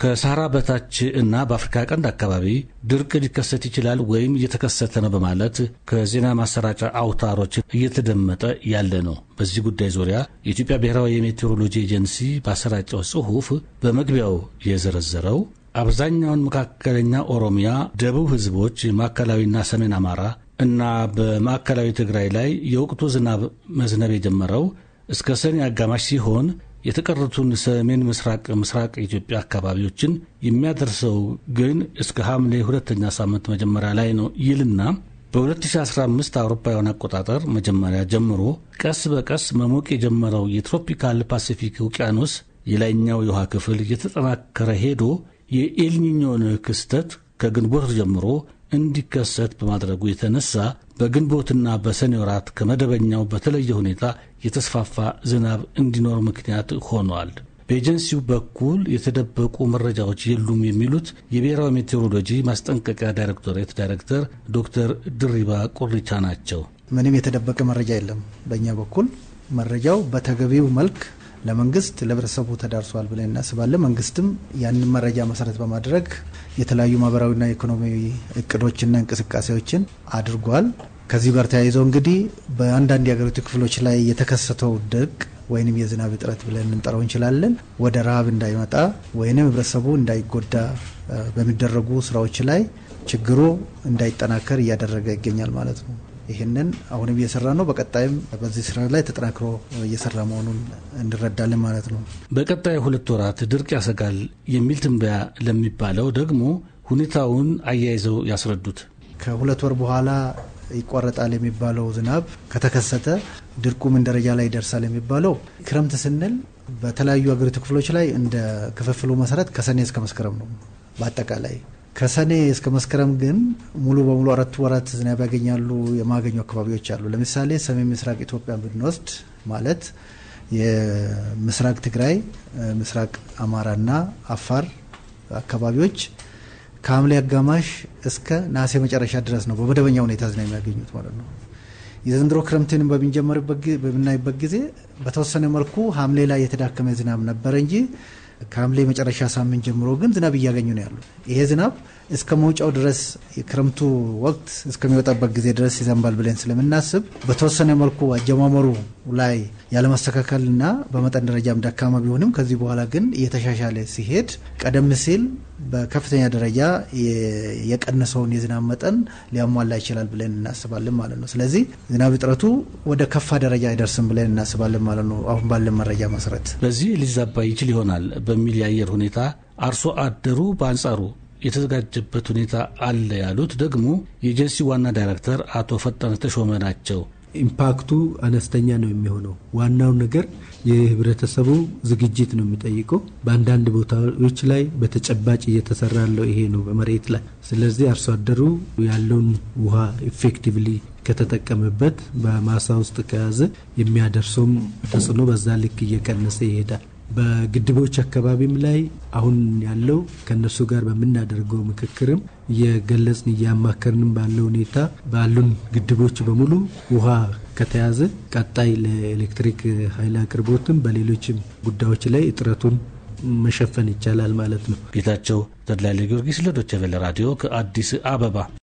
ከሳህራ በታች እና በአፍሪካ ቀንድ አካባቢ ድርቅ ሊከሰት ይችላል ወይም እየተከሰተ ነው በማለት ከዜና ማሰራጫ አውታሮች እየተደመጠ ያለ ነው። በዚህ ጉዳይ ዙሪያ የኢትዮጵያ ብሔራዊ የሜቴሮሎጂ ኤጀንሲ ባሰራጨው ጽሑፍ በመግቢያው የዘረዘረው አብዛኛውን መካከለኛ ኦሮሚያ፣ ደቡብ ህዝቦች፣ ማዕከላዊና ሰሜን አማራ እና በማዕከላዊ ትግራይ ላይ የወቅቱ ዝናብ መዝነብ የጀመረው እስከ ሰኔ አጋማሽ ሲሆን የተቀረቱን ሰሜን ምስራቅ ምስራቅ ኢትዮጵያ አካባቢዎችን የሚያደርሰው ግን እስከ ሐምሌ ሁለተኛ ሳምንት መጀመሪያ ላይ ነው ይልና በ2015 አውሮፓውያን አቆጣጠር መጀመሪያ ጀምሮ ቀስ በቀስ መሞቅ የጀመረው የትሮፒካል ፓሲፊክ ውቅያኖስ የላይኛው የውሃ ክፍል እየተጠናከረ ሄዶ የኤልኒኞን ክስተት ከግንቦት ጀምሮ እንዲከሰት በማድረጉ የተነሳ በግንቦትና በሰኔ ወራት ከመደበኛው በተለየ ሁኔታ የተስፋፋ ዝናብ እንዲኖር ምክንያት ሆኗል። በኤጀንሲው በኩል የተደበቁ መረጃዎች የሉም የሚሉት የብሔራዊ ሜቴሮሎጂ ማስጠንቀቂያ ዳይሬክቶሬት ዳይሬክተር ዶክተር ድሪባ ቁሪቻ ናቸው። ምንም የተደበቀ መረጃ የለም። በእኛ በኩል መረጃው በተገቢው መልክ ለመንግስት ለህብረተሰቡ ተዳርሷል ብለን እናስባለን። መንግስትም ያንን መረጃ መሰረት በማድረግ የተለያዩ ማህበራዊና ኢኮኖሚያዊ እቅዶችና እንቅስቃሴዎችን አድርጓል። ከዚህ ጋር ተያይዘው እንግዲህ በአንዳንድ የሀገሪቱ ክፍሎች ላይ የተከሰተው ድርቅ ወይንም የዝናብ እጥረት ብለን እንጠራው እንችላለን ወደ ረሃብ እንዳይመጣ ወይንም ህብረተሰቡ እንዳይጎዳ በሚደረጉ ስራዎች ላይ ችግሩ እንዳይጠናከር እያደረገ ይገኛል ማለት ነው። ይህንን አሁንም እየሰራ ነው። በቀጣይም በዚህ ስራ ላይ ተጠናክሮ እየሰራ መሆኑን እንረዳለን ማለት ነው። በቀጣይ ሁለት ወራት ድርቅ ያሰጋል የሚል ትንበያ ለሚባለው ደግሞ ሁኔታውን አያይዘው ያስረዱት ከሁለት ወር በኋላ ይቋረጣል የሚባለው ዝናብ ከተከሰተ ድርቁ ምን ደረጃ ላይ ይደርሳል የሚባለው ክረምት ስንል በተለያዩ አገሪቱ ክፍሎች ላይ እንደ ክፍፍሉ መሰረት ከሰኔ እስከ መስከረም ነው በአጠቃላይ ከሰኔ እስከ መስከረም ግን ሙሉ በሙሉ አራት ወራት ዝናብ ያገኛሉ የማገኙ አካባቢዎች አሉ። ለምሳሌ ሰሜን ምስራቅ ኢትዮጵያ ብንወስድ ማለት የምስራቅ ትግራይ፣ ምስራቅ አማራና አፋር አካባቢዎች ከሐምሌ አጋማሽ እስከ ነሐሴ መጨረሻ ድረስ ነው በመደበኛ ሁኔታ ዝናብ የሚያገኙት ማለት ነው። የዘንድሮ ክረምትን በምንጀምርበት በምናይበት ጊዜ በተወሰነ መልኩ ሐምሌ ላይ የተዳከመ ዝናብ ነበረ እንጂ ከሐምሌ መጨረሻ ሳምንት ጀምሮ ግን ዝናብ እያገኙ ነው ያሉ። ይሄ ዝናብ እስከ መውጫው ድረስ የክረምቱ ወቅት እስከሚወጣበት ጊዜ ድረስ ይዘንባል ብለን ስለምናስብ በተወሰነ መልኩ አጀማመሩ ላይ ያለማስተካከልና በመጠን ደረጃም ደካማ ቢሆንም ከዚህ በኋላ ግን እየተሻሻለ ሲሄድ ቀደም ሲል በከፍተኛ ደረጃ የቀነሰውን የዝናብ መጠን ሊያሟላ ይችላል ብለን እናስባለን ማለት ነው። ስለዚህ ዝናብ እጥረቱ ወደ ከፋ ደረጃ አይደርስም ብለን እናስባለን ማለት ነው። አሁን ባለን መረጃ መሰረት በዚህ ሊዛባ ይችል ይሆናል በሚል የአየር ሁኔታ አርሶ አደሩ በአንጻሩ የተዘጋጀበት ሁኔታ አለ ያሉት ደግሞ የኤጀንሲ ዋና ዳይሬክተር አቶ ፈጠነ ተሾመ ናቸው። ኢምፓክቱ አነስተኛ ነው የሚሆነው። ዋናው ነገር የህብረተሰቡ ዝግጅት ነው የሚጠይቀው። በአንዳንድ ቦታዎች ላይ በተጨባጭ እየተሰራ ያለው ይሄ ነው በመሬት ላይ። ስለዚህ አርሶ አደሩ ያለውን ውሃ ኢፌክቲቭሊ ከተጠቀመበት በማሳ ውስጥ ከያዘ የሚያደርሰውም ተጽዕኖ በዛ ልክ እየቀነሰ ይሄዳል። በግድቦች አካባቢም ላይ አሁን ያለው ከእነሱ ጋር በምናደርገው ምክክርም እየገለጽን እያማከርንም ባለው ሁኔታ ባሉን ግድቦች በሙሉ ውሃ ከተያዘ ቀጣይ ለኤሌክትሪክ ኃይል አቅርቦትም በሌሎችም ጉዳዮች ላይ እጥረቱን መሸፈን ይቻላል ማለት ነው። ጌታቸው ተድላይ ለጊዮርጊስ ለዶቸቬለ ራዲዮ ከአዲስ አበባ